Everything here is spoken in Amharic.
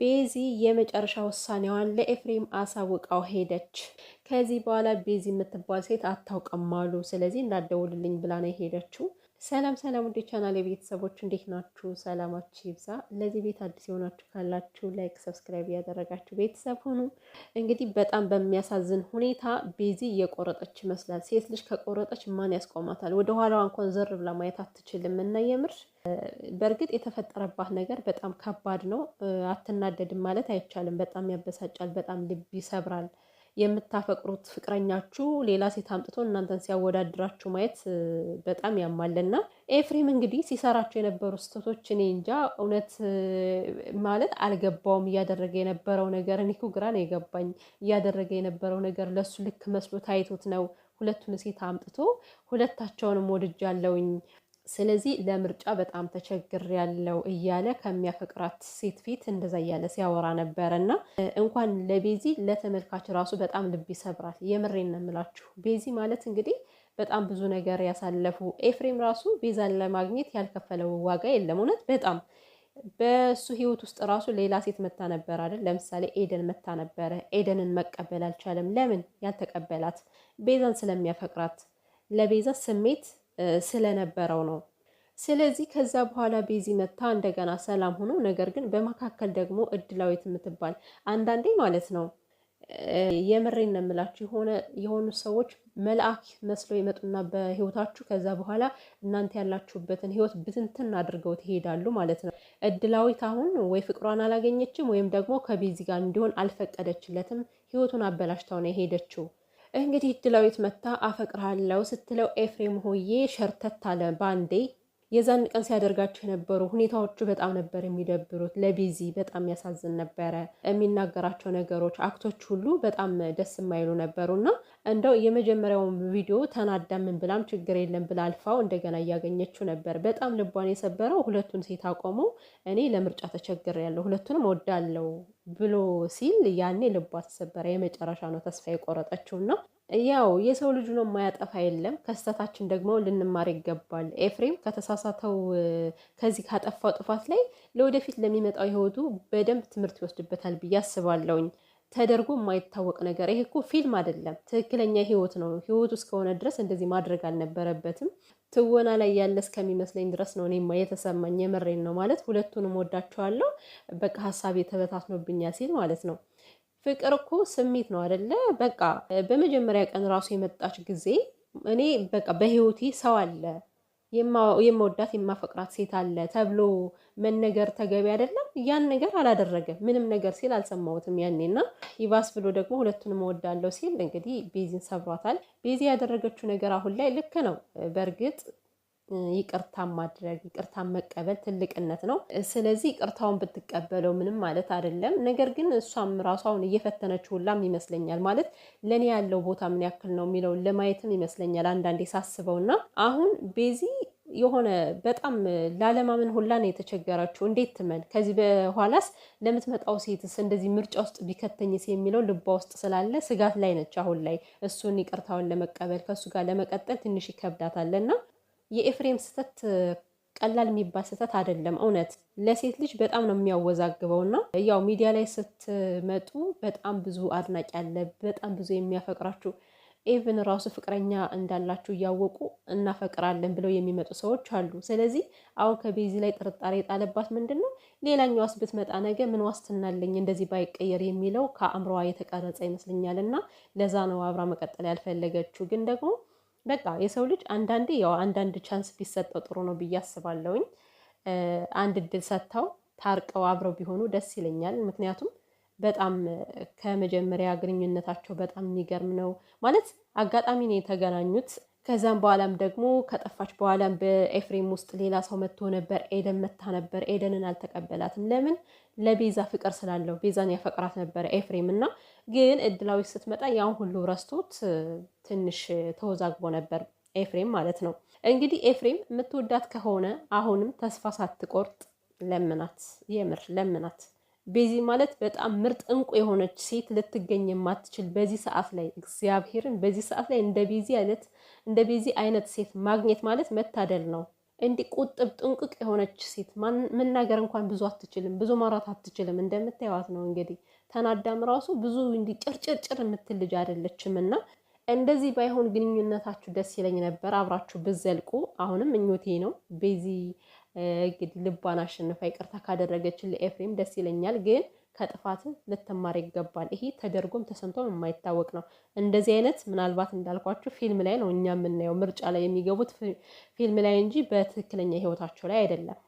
ቤዚ የመጨረሻ ውሳኔዋን ለኤፍሬም አሳውቃው ሄደች። ከዚህ በኋላ ቤዚ የምትባል ሴት አታውቅም አሉ። ስለዚህ እንዳደውልልኝ ብላ ነው የሄደችው። ሰላም ሰላም ወደ ቻናል የቤተሰቦች እንዴት ናችሁ? ሰላማችሁ ይብዛ። ለዚህ ቤት አዲስ የሆናችሁ ካላችሁ ላይክ፣ ሰብስክራይብ ያደረጋችሁ ቤተሰብ ሆኑ። እንግዲህ በጣም በሚያሳዝን ሁኔታ ቤዚ እየቆረጠች ይመስላል። ሴት ልጅ ከቆረጠች ማን ያስቆማታል? ወደ ኋላዋ እንኳን ዘር ብላ ማየት አትችልም። እና የምር በእርግጥ የተፈጠረባት ነገር በጣም ከባድ ነው። አትናደድም ማለት አይቻልም። በጣም ያበሳጫል። በጣም ልብ ይሰብራል። የምታፈቅሩት ፍቅረኛችሁ ሌላ ሴት አምጥቶ እናንተን ሲያወዳድራችሁ ማየት በጣም ያማልና ኤፍሬም እንግዲህ ሲሰራቸው የነበሩ ስህተቶች እኔ እንጃ እውነት ማለት አልገባውም። እያደረገ የነበረው ነገር እኔ እኮ ግራ ነው የገባኝ። እያደረገ የነበረው ነገር ለእሱ ልክ መስሎ ታይቶት ነው ሁለቱን ሴት አምጥቶ ሁለታቸውንም ወድጃለሁኝ ስለዚህ ለምርጫ በጣም ተቸግር ያለው እያለ ከሚያፈቅራት ሴት ፊት እንደዛ እያለ ሲያወራ ነበረ እና እንኳን ለቤዚ ለተመልካች ራሱ በጣም ልብ ይሰብራል። የምሬን ነው ቤዚ ማለት እንግዲህ በጣም ብዙ ነገር ያሳለፉ ኤፍሬም ራሱ ቤዛን ለማግኘት ያልከፈለው ዋጋ የለም። እውነት በጣም በእሱ ህይወት ውስጥ ራሱ ሌላ ሴት መታ ነበር አይደል? ለምሳሌ ኤደን መታ ነበረ። ኤደንን መቀበል አልቻለም። ለምን ያልተቀበላት? ቤዛን ስለሚያፈቅራት ለቤዛ ስሜት ስለነበረው ነው። ስለዚህ ከዛ በኋላ ቤዚ መታ እንደገና ሰላም ሆኖ፣ ነገር ግን በመካከል ደግሞ እድላዊት የምትባል አንዳንዴ ማለት ነው የምሬን ነው የምላችሁ የሆነ የሆኑ ሰዎች መልአክ መስለው ይመጡና በህይወታችሁ ከዛ በኋላ እናንተ ያላችሁበትን ህይወት ብትንትን አድርገው ትሄዳሉ ማለት ነው። እድላዊት አሁን ወይ ፍቅሯን አላገኘችም ወይም ደግሞ ከቤዚ ጋር እንዲሆን አልፈቀደችለትም። ህይወቱን አበላሽታው ነው የሄደችው። እንግዲህ እድላዊት መታ አፈቅርሃለሁ ስትለው ኤፍሬም ሆዬ ሸርተት አለ ባንዴ የዛን ቀን ሲያደርጋቸው የነበሩ ሁኔታዎቹ በጣም ነበር የሚደብሩት። ለቢዚ በጣም ያሳዝን ነበረ። የሚናገራቸው ነገሮች፣ አክቶች ሁሉ በጣም ደስ የማይሉ ነበሩና እንደው የመጀመሪያውን ቪዲዮ ተናዳምን ብላም ችግር የለም ብላ አልፋው እንደገና እያገኘችው ነበር። በጣም ልቧን የሰበረው ሁለቱን ሴት አቆሞ እኔ ለምርጫ ተቸግር ያለው ሁለቱንም ወዳለው ብሎ ሲል ያኔ ልቧ ተሰበረ። የመጨረሻ ነው ተስፋ የቆረጠችውና ያው የሰው ልጁ ነው የማያጠፋ የለም። ከስተታችን ደግሞ ልንማር ይገባል። ኤፍሬም ከተሳሳተው ከዚህ ካጠፋው ጥፋት ላይ ለወደፊት ለሚመጣው ህይወቱ በደንብ ትምህርት ይወስድበታል ብዬ አስባለሁኝ። ተደርጎ የማይታወቅ ነገር ይሄ እኮ ፊልም አይደለም፣ ትክክለኛ ህይወት ነው። ህይወቱ እስከሆነ ድረስ እንደዚህ ማድረግ አልነበረበትም። ትወና ላይ ያለ እስከሚመስለኝ ድረስ ነው እኔማ የተሰማኝ። የመሬን ነው ማለት ሁለቱንም ወዳቸዋለሁ። በቃ ሀሳብ የተበታትኖብኛ ሲል ማለት ነው ፍቅር እኮ ስሜት ነው አደለ? በቃ በመጀመሪያ ቀን ራሱ የመጣች ጊዜ እኔ በቃ በህይወቴ ሰው አለ የመወዳት የማፈቅራት ሴት አለ ተብሎ መነገር ተገቢ አይደለም። ያን ነገር አላደረገም። ምንም ነገር ሲል አልሰማሁትም ያኔና ይባስ ብሎ ደግሞ ሁለቱንም እወዳለሁ ሲል እንግዲህ ቤዚን ሰብሯታል። ቤዚ ያደረገችው ነገር አሁን ላይ ልክ ነው በእርግጥ ይቅርታ ማድረግ ይቅርታን መቀበል ትልቅነት ነው። ስለዚህ ይቅርታውን ብትቀበለው ምንም ማለት አይደለም። ነገር ግን እሷም ራሷ እየፈተነች ሁላም ይመስለኛል ማለት ለእኔ ያለው ቦታ ምን ያክል ነው የሚለውን ለማየትም ይመስለኛል አንዳንዴ ና አሁን ቤዚ የሆነ በጣም ላለማመን ሁላ ነው የተቸገረችው። እንዴት ትመን ከዚህ በኋላስ ለምትመጣው ሴትስ እንደዚህ ምርጫ ውስጥ ቢከተኝስ የሚለው ልቧ ውስጥ ስላለ ስጋት ላይ ነች አሁን ላይ እሱን ይቅርታውን ለመቀበል ከእሱ ጋር ለመቀጠል ትንሽ ይከብዳታል እና የኤፍሬም ስህተት ቀላል የሚባል ስህተት አይደለም። እውነት ለሴት ልጅ በጣም ነው የሚያወዛግበው እና ያው ሚዲያ ላይ ስትመጡ በጣም ብዙ አድናቂ አለ፣ በጣም ብዙ የሚያፈቅራችሁ ኤቭን ራሱ ፍቅረኛ እንዳላችሁ እያወቁ እናፈቅራለን ብለው የሚመጡ ሰዎች አሉ። ስለዚህ አሁን ከቤዚ ላይ ጥርጣሬ የጣለባት ምንድን ነው? ሌላኛዋስ ብትመጣ ነገ ምን ዋስትና አለኝ እንደዚህ ባይቀየር የሚለው ከአእምሮዋ የተቀረጸ ይመስለኛል። እና ለዛ ነው አብራ መቀጠል ያልፈለገችው ግን ደግሞ በቃ የሰው ልጅ አንዳንዴ ያው አንዳንድ ቻንስ ቢሰጠው ጥሩ ነው ብዬ አስባለሁኝ። አንድ እድል ሰጥተው ታርቀው አብረው ቢሆኑ ደስ ይለኛል። ምክንያቱም በጣም ከመጀመሪያ ግንኙነታቸው በጣም የሚገርም ነው ማለት አጋጣሚ ነው የተገናኙት። ከዛም በኋላም ደግሞ ከጠፋች በኋላም በኤፍሬም ውስጥ ሌላ ሰው መጥቶ ነበር። ኤደን መታ ነበር። ኤደንን አልተቀበላትም። ለምን? ለቤዛ ፍቅር ስላለው ቤዛን ያፈቅራት ነበር ኤፍሬም እና ግን እድላዊ ስትመጣ ያን ሁሉ ረስቶት ትንሽ ተወዛግቦ ነበር ኤፍሬም ማለት ነው። እንግዲህ ኤፍሬም የምትወዳት ከሆነ አሁንም ተስፋ ሳትቆርጥ ለምናት፣ የምር ለምናት ቤዚ ማለት በጣም ምርጥ እንቁ የሆነች ሴት ልትገኝ የማትችል በዚህ ሰዓት ላይ እግዚአብሔርን በዚህ ሰዓት ላይ እንደ ቤዚ አይነት እንደ ቤዚ አይነት ሴት ማግኘት ማለት መታደል ነው። እንዲህ ቁጥብ ጥንቅቅ የሆነች ሴት መናገር እንኳን ብዙ አትችልም፣ ብዙ ማውራት አትችልም። እንደምታየዋት ነው እንግዲህ ተናዳም ራሱ ብዙ እንዲህ ጭርጭርጭር የምትል ልጅ አይደለችም እና እንደዚህ ባይሆን ግንኙነታችሁ ደስ ይለኝ ነበር። አብራችሁ ብዘልቁ አሁንም እኞቴ ነው ቤዚ እንግዲህ ልቧን አሸንፋ ይቅርታ ካደረገችን ለኤፍሬም ደስ ይለኛል ግን ከጥፋት ልትማር ይገባል። ይሄ ተደርጎም ተሰምቶም የማይታወቅ ነው። እንደዚህ አይነት ምናልባት እንዳልኳችሁ ፊልም ላይ ነው እኛ የምናየው ምርጫ ላይ የሚገቡት ፊልም ላይ እንጂ በትክክለኛ ህይወታቸው ላይ አይደለም።